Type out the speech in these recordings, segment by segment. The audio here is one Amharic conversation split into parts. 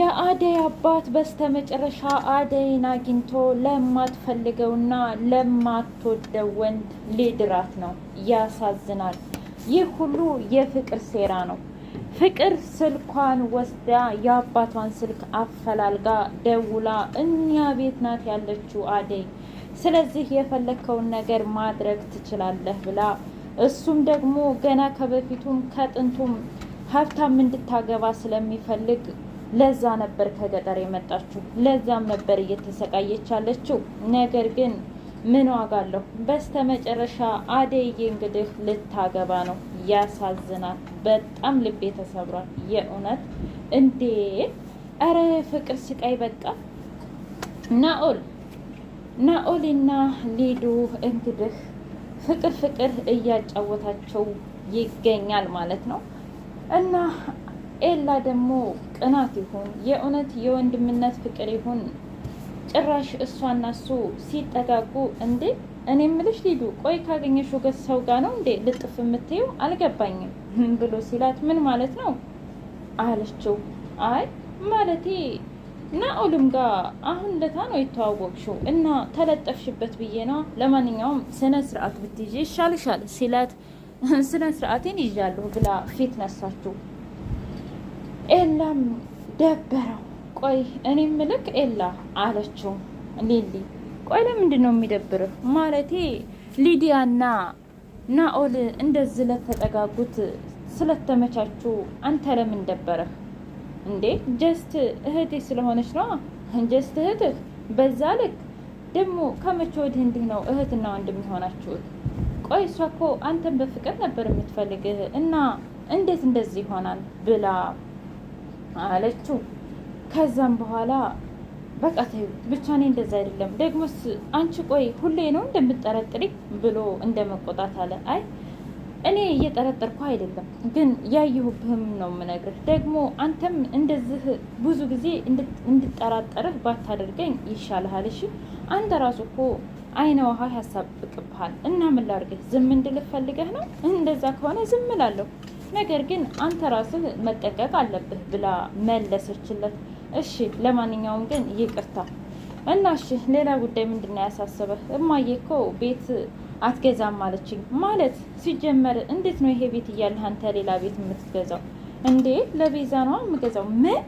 የአደይ አባት በስተመጨረሻ አደይን አግኝቶ ለማትፈልገውና ለማትወደው ወንድ ሊድራት ነው። ያሳዝናል። ይህ ሁሉ የፍቅር ሴራ ነው። ፍቅር ስልኳን ወስዳ የአባቷን ስልክ አፈላልጋ ደውላ እኛ ቤት ናት ያለችው አደይ፣ ስለዚህ የፈለግከውን ነገር ማድረግ ትችላለህ ብላ እሱም ደግሞ ገና ከበፊቱም ከጥንቱም ሀብታም እንድታገባ ስለሚፈልግ ለዛ ነበር ከገጠር የመጣችው፣ ለዛም ነበር እየተሰቃየች ያለችው። ነገር ግን ምን ዋጋ አለሁ። በስተ መጨረሻ አደይ እንግዲህ ልታገባ ነው። ያሳዝናል። በጣም ልቤ ተሰብሯል። የእውነት እንዴ! እረ ፍቅር ስቃይ በቃ ናኦል ናኦልና ሊዱ እንግዲህ ፍቅር ፍቅር እያጫወታቸው ይገኛል ማለት ነው እና ኤላ ደግሞ ቅናት ይሁን የእውነት የወንድምነት ፍቅር ይሁን ጭራሽ እሷና እሱ ሲጠጋጉ እንዴ! እኔ ምልሽ ሊዱ፣ ቆይ ካገኘሽ ወገት ሰው ጋር ነው እንዴ ልጥፍ የምትየው አልገባኝም ብሎ ሲላት ምን ማለት ነው አለችው። አይ ማለቴ ናኦልም ጋር አሁን ለታ ነው የተዋወቅሽው እና ተለጠፍሽበት ብዬ ነው። ለማንኛውም ስነ ስርዓት ብትይዤ ይሻልሻል ሲላት ስነ ስርዓቴን ይዣለሁ ብላ ፊት ነሳችው። ኤላም ደበረው። ቆይ እኔ ምልክ ኤላ አለችው ሊሊ። ቆይ ለምንድን ነው የሚደብርህ? ማለቴ ሊዲያና ናኦል እንደዚህ ለተጠጋጉት ስለተመቻቹ አንተ ለምን ደበረህ እንዴ? ጀስት እህቴ ስለሆነች ነዋ ጀስት እህትህ በዛ ልክ ደግሞ ከመቼ ወዲህ እንዲህ ነው እህትና ወንድም የሆናችሁት? ቆይ እሷ እኮ አንተን በፍቅር ነበር የምትፈልግህ እና እንዴት እንደዚህ ይሆናል ብላ አለችው። ከዛም በኋላ በቃ ተይው ብቻ እኔ እንደዛ አይደለም ደግሞስ አንቺ ቆይ ሁሌ ነው እንደምጠረጥሪ ብሎ እንደመቆጣት አለ። አይ እኔ እየጠረጠርኩ አይደለም ግን ያየሁብህም ነው የምነግርህ። ደግሞ አንተም እንደዚህ ብዙ ጊዜ እንድጠራጠርህ ባታደርገኝ ይሻልሃል። እሺ አንተ ራሱ እኮ አይነ ውሃ ያሳብቅብሃል። እና ምን ላድርግህ? ዝም እንድልፈልገህ ነው? እንደዛ ከሆነ ዝም እላለሁ። ነገር ግን አንተ ራስህ መጠንቀቅ አለብህ ብላ መለሰችለት። እሺ ለማንኛውም ግን ይቅርታ እና እሺ፣ ሌላ ጉዳይ ምንድን ነው ያሳሰበህ? እማዬ እኮ ቤት አትገዛም አለችኝ። ማለት ሲጀመር እንዴት ነው ይሄ ቤት እያለህ አንተ ሌላ ቤት የምትገዛው እንዴ? ለቤዛ ነው የምገዛው። ምን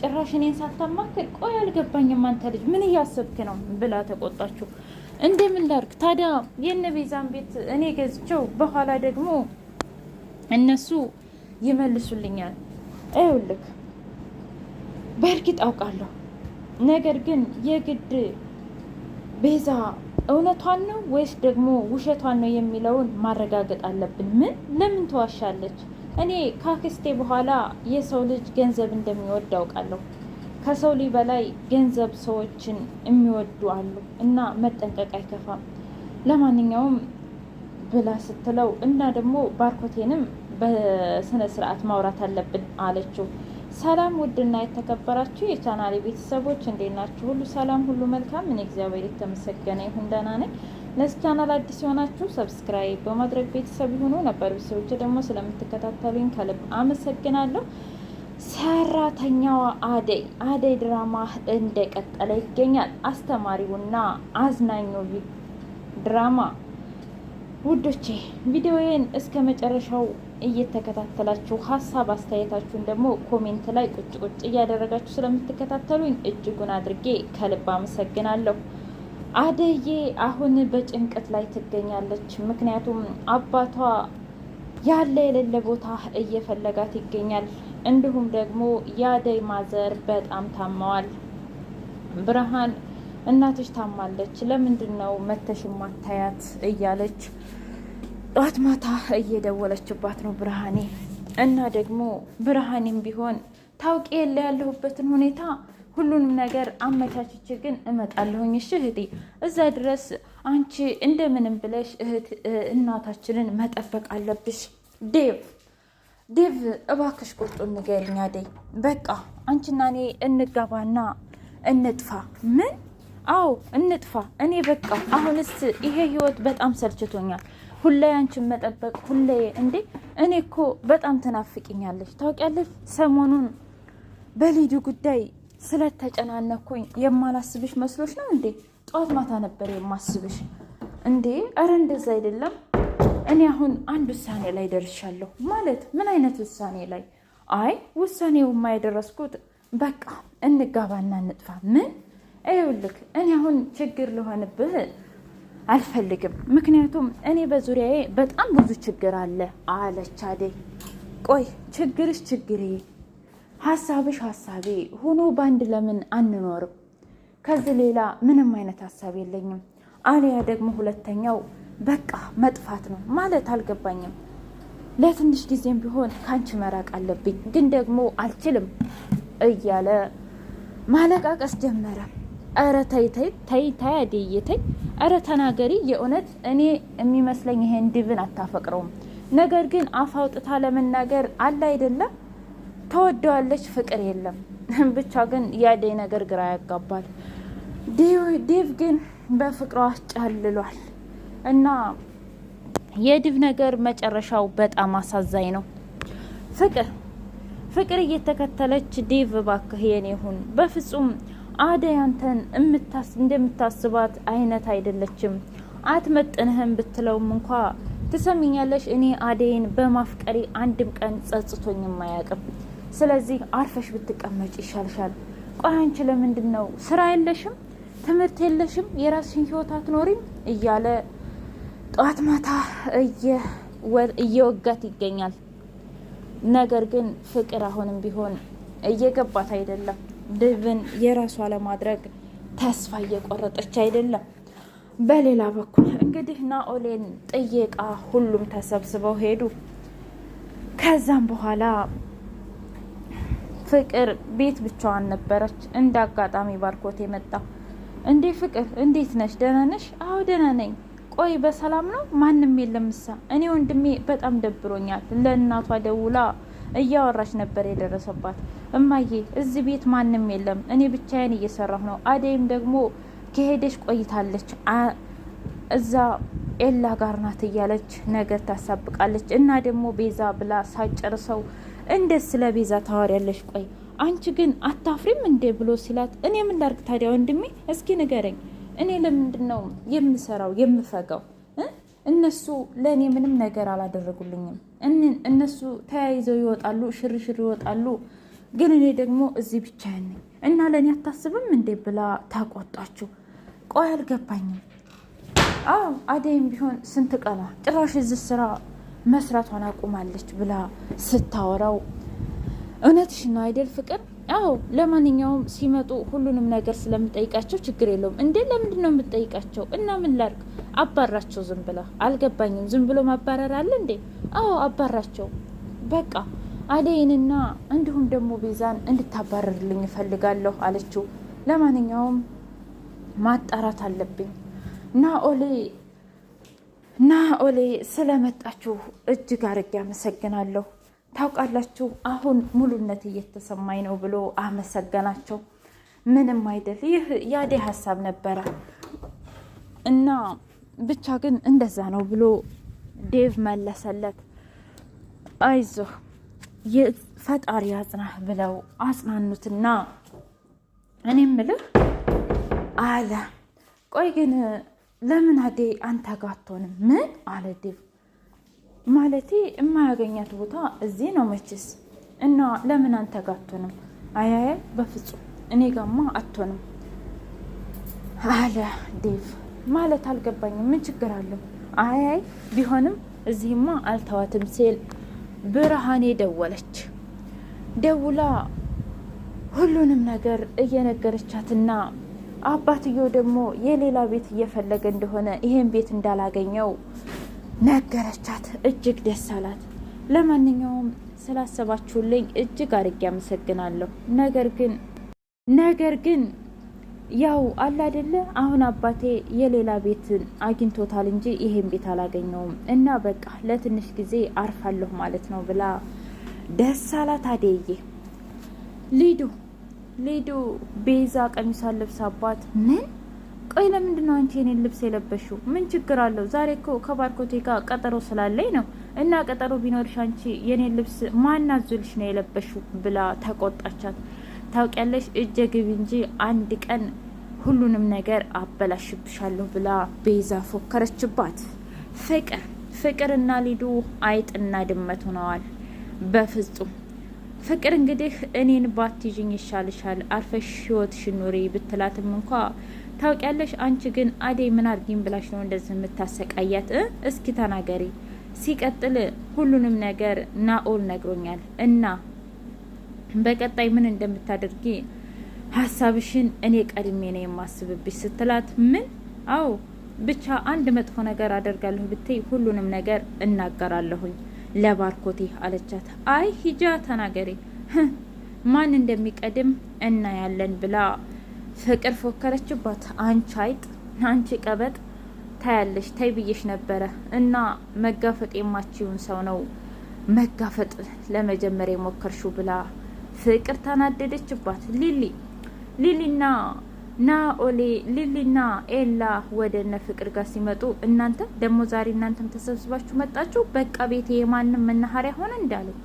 ጭራሽ እኔን ሳታማክል? ቆይ አልገባኝም። አንተ ልጅ ምን እያሰብክ ነው? ብላ ተቆጣችሁ። እንደምን ላድርግ ታዲያ የእነ ቤዛን ቤት እኔ ገዝቼው በኋላ ደግሞ እነሱ ይመልሱልኛል። ይኸውልህ በእርግጥ አውቃለሁ፣ ነገር ግን የግድ ቤዛ እውነቷን ነው ወይስ ደግሞ ውሸቷን ነው የሚለውን ማረጋገጥ አለብን። ምን ለምን ትዋሻለች? እኔ ካክስቴ በኋላ የሰው ልጅ ገንዘብ እንደሚወድ አውቃለሁ። ከሰው ልጅ በላይ ገንዘብ ሰዎችን የሚወዱ አሉ እና መጠንቀቅ አይከፋም። ለማንኛውም ብላ ስትለው እና ደግሞ ባርኮቴንም በስነ ስርዓት ማውራት አለብን አለችው። ሰላም ውድና የተከበራችሁ የቻናሌ ቤተሰቦች እንዴት ናችሁ? ሁሉ ሰላም፣ ሁሉ መልካም። እኔ እግዚአብሔር የተመሰገነ ይሁን ደህና ነኝ። ለዚህ ቻናል አዲስ የሆናችሁ ሰብስክራይብ በማድረግ ቤተሰብ የሆኑ ነበር። ቤተሰቦች ደግሞ ስለምትከታተሉኝ ከልብ አመሰግናለሁ። ሰራተኛዋ አደይ አደይ ድራማ እንደቀጠለ ይገኛል። አስተማሪውና አዝናኙ ድራማ ውዶቼ ቪዲዮዬን እስከ መጨረሻው እየተከታተላችሁ ሀሳብ አስተያየታችሁን ደግሞ ኮሜንት ላይ ቁጭ ቁጭ እያደረጋችሁ ስለምትከታተሉኝ እጅጉን አድርጌ ከልብ አመሰግናለሁ። አደዬ አሁን በጭንቀት ላይ ትገኛለች። ምክንያቱም አባቷ ያለ የሌለ ቦታ እየፈለጋት ይገኛል። እንዲሁም ደግሞ የአደይ ማዘር በጣም ታመዋል። ብርሃን እናትሽ ታማለች፣ ለምንድን ነው መተሽ ማታያት? እያለች ጠዋት ማታ እየደወለችባት ነው ብርሃኔ እና ደግሞ ብርሃኔም ቢሆን ታውቂ የለ ያለሁበትን ሁኔታ ሁሉንም ነገር አመቻችቼ ግን እመጣለሁኝ። እሺ እህቴ፣ እዛ ድረስ አንቺ እንደምንም ብለሽ እህት እናታችንን መጠበቅ አለብሽ። ዴቭ ዴቭ፣ እባክሽ ቁርጡን ንገሪኝ አደይ። በቃ አንቺና እኔ እንጋባና እንጥፋ። ምን? አዎ እንጥፋ። እኔ በቃ አሁንስ ይሄ ህይወት በጣም ሰልችቶኛል። ሁሌ አንቺን መጠበቅ ሁሌ እንዴ! እኔ እኮ በጣም ትናፍቅኛለች ታውቂያለች። ሰሞኑን በሊዱ ጉዳይ ስለተጨናነኩኝ የማላስብሽ መስሎች ነው እንዴ? ጠዋት ማታ ነበር የማስብሽ እንዴ። እረ እንደዛ አይደለም። እኔ አሁን አንድ ውሳኔ ላይ ደርሻለሁ። ማለት ምን አይነት ውሳኔ ላይ? አይ ውሳኔውማ የደረስኩት በቃ እንጋባና እንጥፋ። ምን ይኸውልህ፣ እኔ አሁን ችግር ልሆንብህ አልፈልግም። ምክንያቱም እኔ በዙሪያዬ በጣም ብዙ ችግር አለ አለች አደይ። ቆይ ችግርሽ ችግሬ፣ ሀሳብሽ ሀሳቤ ሆኖ በአንድ ለምን አንኖርም? ከዚህ ሌላ ምንም አይነት ሀሳብ የለኝም። አሊያ ደግሞ ሁለተኛው በቃ መጥፋት ነው ማለት አልገባኝም። ለትንሽ ጊዜም ቢሆን ከአንቺ መራቅ አለብኝ፣ ግን ደግሞ አልችልም እያለ ማለቃቀስ ጀመረ። ኧረ ተይ ተይ ተይ ተይ አደይ ተይ፣ ኧረ ተናገሪ። የእውነት እኔ የሚመስለኝ ይሄን ዲብን አታፈቅረውም። ነገር ግን አፍ አውጥታ ለመናገር አለ አይደለም ተወደዋለች፣ ፍቅር የለም። ብቻ ግን የአደይ ነገር ግራ ያጋባል። ዲቭ ግን በፍቅሯ አስጨልሏል እና የዲቭ ነገር መጨረሻው በጣም አሳዛኝ ነው። ፍቅር ፍቅር እየተከተለች ዲቭ እባክህ የኔ ሁን በፍጹም አደይ አንተን እንደምታስባት አይነት አይደለችም፣ አትመጥንህም ብትለውም እንኳ ትሰሚኛለሽ፣ እኔ አደይን በማፍቀሪ አንድም ቀን ጸጽቶኝ አያውቅም። ስለዚህ አርፈሽ ብትቀመጭ ይሻልሻል። ቆይ አንቺ ለምንድን ነው ስራ የለሽም? ትምህርት የለሽም? የራስሽን ህይወት አትኖሪም? እያለ ጠዋት ማታ እየወጋት ይገኛል። ነገር ግን ፍቅር አሁንም ቢሆን እየገባት አይደለም። ድብን የራሷ ለማድረግ ተስፋ እየቆረጠች አይደለም። በሌላ በኩል እንግዲህ ናኦሌን ጥየቃ ሁሉም ተሰብስበው ሄዱ። ከዛም በኋላ ፍቅር ቤት ብቻዋን ነበረች። እንደ አጋጣሚ ባርኮት የመጣ እንዴ፣ ፍቅር እንዴት ነሽ? ደህና ነሽ? አዎ ደህና ነኝ። ቆይ በሰላም ነው? ማንም የለም? እሳ እኔ ወንድሜ በጣም ደብሮኛል። ለእናቷ ደውላ እያወራች ነበር የደረሰባት። እማዬ እዚህ ቤት ማንም የለም፣ እኔ ብቻዬን እየሰራሁ ነው። አደይም ደግሞ ከሄደች ቆይታለች፣ እዛ ኤላ ጋር ናት እያለች ነገር ታሳብቃለች። እና ደግሞ ቤዛ ብላ ሳጨርሰው እንዴት ስለ ቤዛ ታወሪያለሽ? ቆይ አንቺ ግን አታፍሪም እንዴ ብሎ ሲላት፣ እኔ ምን ላርግ ታዲያ ወንድሜ፣ እስኪ ንገረኝ። እኔ ለምንድን ነው የምሰራው የምፈጋው እነሱ ለእኔ ምንም ነገር አላደረጉልኝም። እነሱ ተያይዘው ይወጣሉ፣ ሽርሽር ይወጣሉ። ግን እኔ ደግሞ እዚህ ብቻዬን ነኝ እና ለእኔ አታስብም እንዴ ብላ ታቆጣችሁ። ቆይ አልገባኝም። አዎ አደይም ቢሆን ስንት ቀኗ ጭራሽ እዚህ ስራ መስራቷን አቁማለች ብላ ስታወራው እውነትሽ ነው አይደል ፍቅር? አዎ። ለማንኛውም ሲመጡ ሁሉንም ነገር ስለምጠይቃቸው ችግር የለውም። እንዴ ለምንድን ነው የምጠይቃቸው? እና ምን ላርግ? አባራቸው ዝም ብለ አልገባኝም። ዝም ብሎ ማባረር አለ እንዴ? አዎ አባራቸው። በቃ አደይንና እንዲሁም ደግሞ ቤዛን እንድታባረርልኝ እፈልጋለሁ አለችው። ለማንኛውም ማጣራት አለብኝ እና ኦሌ እና ኦሌ ስለመጣችሁ እጅግ አርጌ አመሰግናለሁ። ታውቃላችሁ አሁን ሙሉነት እየተሰማኝ ነው ብሎ አመሰገናቸው። ምንም አይደል፣ ይህ ያዴ ሀሳብ ነበረ እና ብቻ ግን እንደዛ ነው ብሎ ዴቭ መለሰለት። አይዞህ ፈጣሪ አጽናህ ብለው አጽናኑትና እኔ ምልህ አለ። ቆይ ግን ለምን አዴ አንተ ጋቶንም ምን አለ ዴቭ ማለቴ የማያገኛት ቦታ እዚህ ነው መችስ። እና ለምን አንተ ጋ አትሆንም? አያያይ በፍጹም እኔ ጋማ አትሆንም አለ ዴቭ። ማለት አልገባኝም። ምን ችግር አለው? አያይ ቢሆንም እዚህማ አልተዋትም ሲል ብርሃኔ ደወለች። ደውላ ሁሉንም ነገር እየነገረቻትና አባትየው ደግሞ የሌላ ቤት እየፈለገ እንደሆነ ይሄን ቤት እንዳላገኘው ነገረቻት። እጅግ ደስ አላት። ለማንኛውም ስላሰባችሁልኝ እጅግ አድርጌ አመሰግናለሁ። ነገር ግን ነገር ግን ያው አላደለ አሁን አባቴ የሌላ ቤትን አግኝቶታል እንጂ ይሄን ቤት አላገኘውም እና በቃ ለትንሽ ጊዜ አርፋለሁ ማለት ነው ብላ ደስ አላት። አደዬ ሊዱ ሊዱ ቤዛ ቀሚሷን ለብሳባት ምን ቆይ ለምንድን ነው አንቺ የኔን ልብስ የለበሽው? ምን ችግር አለው? ዛሬ እኮ ከባርኮቴ ጋር ቀጠሮ ስላለኝ ነው እና ቀጠሮ ቢኖርሽ አንቺ የኔን ልብስ ማናዙልሽ ነው የለበሽው ብላ ተቆጣቻት። ታውቂያለሽ፣ እጀ ግቢ እንጂ አንድ ቀን ሁሉንም ነገር አበላሽብሻለሁ ብላ ቤዛ ፎከረችባት። ፍቅር ፍቅርና ሊዱ አይጥና ድመት ሆነዋል። በፍጹም ፍቅር እንግዲህ እኔን ባትይዥኝ ይሻልሻል፣ አርፈሽ ህይወትሽን ኑሪ ብትላትም እንኳ ታውቂያለሽ። አንቺ ግን አደይ ምን አድርጊኝ ብላሽ ነው እንደዚህ የምታሰቃያት? እስኪ ተናገሪ። ሲቀጥል ሁሉንም ነገር ናኦል ነግሮኛል እና በቀጣይ ምን እንደምታደርጊ ሀሳብሽን እኔ ቀድሜ ነው የማስብብሽ ስትላት፣ ምን አዎ፣ ብቻ አንድ መጥፎ ነገር አደርጋለሁ ብትይ ሁሉንም ነገር እናገራለሁኝ ለባርኮቴ አለቻት። አይ ሂጃ ተናገሪ፣ ማን እንደሚቀድም እናያለን ብላ ፍቅር ፎከረችባት። አንቺ አይጥ፣ አንቺ ቀበጥ፣ ታያለሽ፣ ታይ ብዬሽ ነበረ እና መጋፈጥ የማችውን ሰው ነው መጋፈጥ ለመጀመሪያ የሞከርሽው ብላ ፍቅር ተናደደችባት። ሊሊ ሊሊና ኦሌ ሊሊና ኤላ ወደ እነ ፍቅር ጋር ሲመጡ እናንተ ደግሞ ዛሬ እናንተም ተሰብስባችሁ መጣችሁ። በቃ ቤቴ የማንም መናኸሪያ ሆነ እንዳለኝ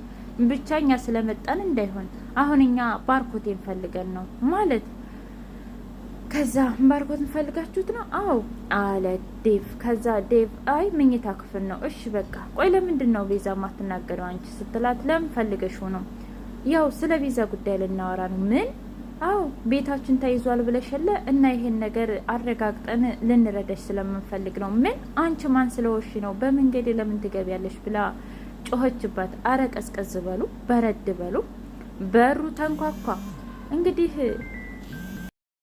ብቻኛ ስለመጣን እንዳይሆን አሁን እኛ ባርኮቴ እንፈልገን ነው ማለት ከዛ ባርኮትን ፈልጋችሁት ነው? አዎ አለ ዴቭ። ከዛ ዴቭ አይ መኝታ ክፍል ነው። እሺ በቃ ቆይ፣ ለምንድን ነው ቤዛ ማትናገረው አንቺ ስትላት፣ ለምን ፈልገሽው ነው? ያው ስለ ቤዛ ጉዳይ ልናወራ ነው። ምን? አዎ ቤታችን ተይዟል ብለሽለ እና ይሄን ነገር አረጋግጠን ልንረዳሽ ስለምንፈልግ ነው። ምን? አንቺ ማን ስለወሽ ነው በመንገዴ ለምን ትገቢያለሽ? ብላ ጮኸችባት። አረ ቀዝቀዝ በሉ፣ በረድ በሉ። በሩ ተንኳኳ። እንግዲህ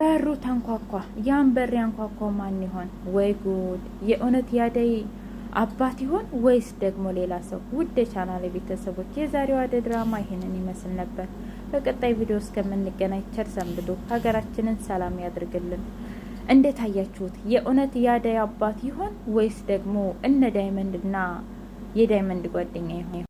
በሩ ተንኳኳ። ያን በር ያንኳኳው ማን ይሆን? ወይ ጉድ! የእውነት ያደይ አባት ይሆን ወይስ ደግሞ ሌላ ሰው? ውድ የቻናል ቤተሰቦች የዛሬው አደይ ድራማ ይህንን ይመስል ነበር። በቀጣይ ቪዲዮ እስከምንገናኝ ቸር ሰንብቶ ሀገራችንን ሰላም ያድርግልን። እንዴት አያችሁት? የእውነት ያደይ አባት ይሆን ወይስ ደግሞ እነ ዳይመንድና የዳይመንድ ጓደኛ ይሆን?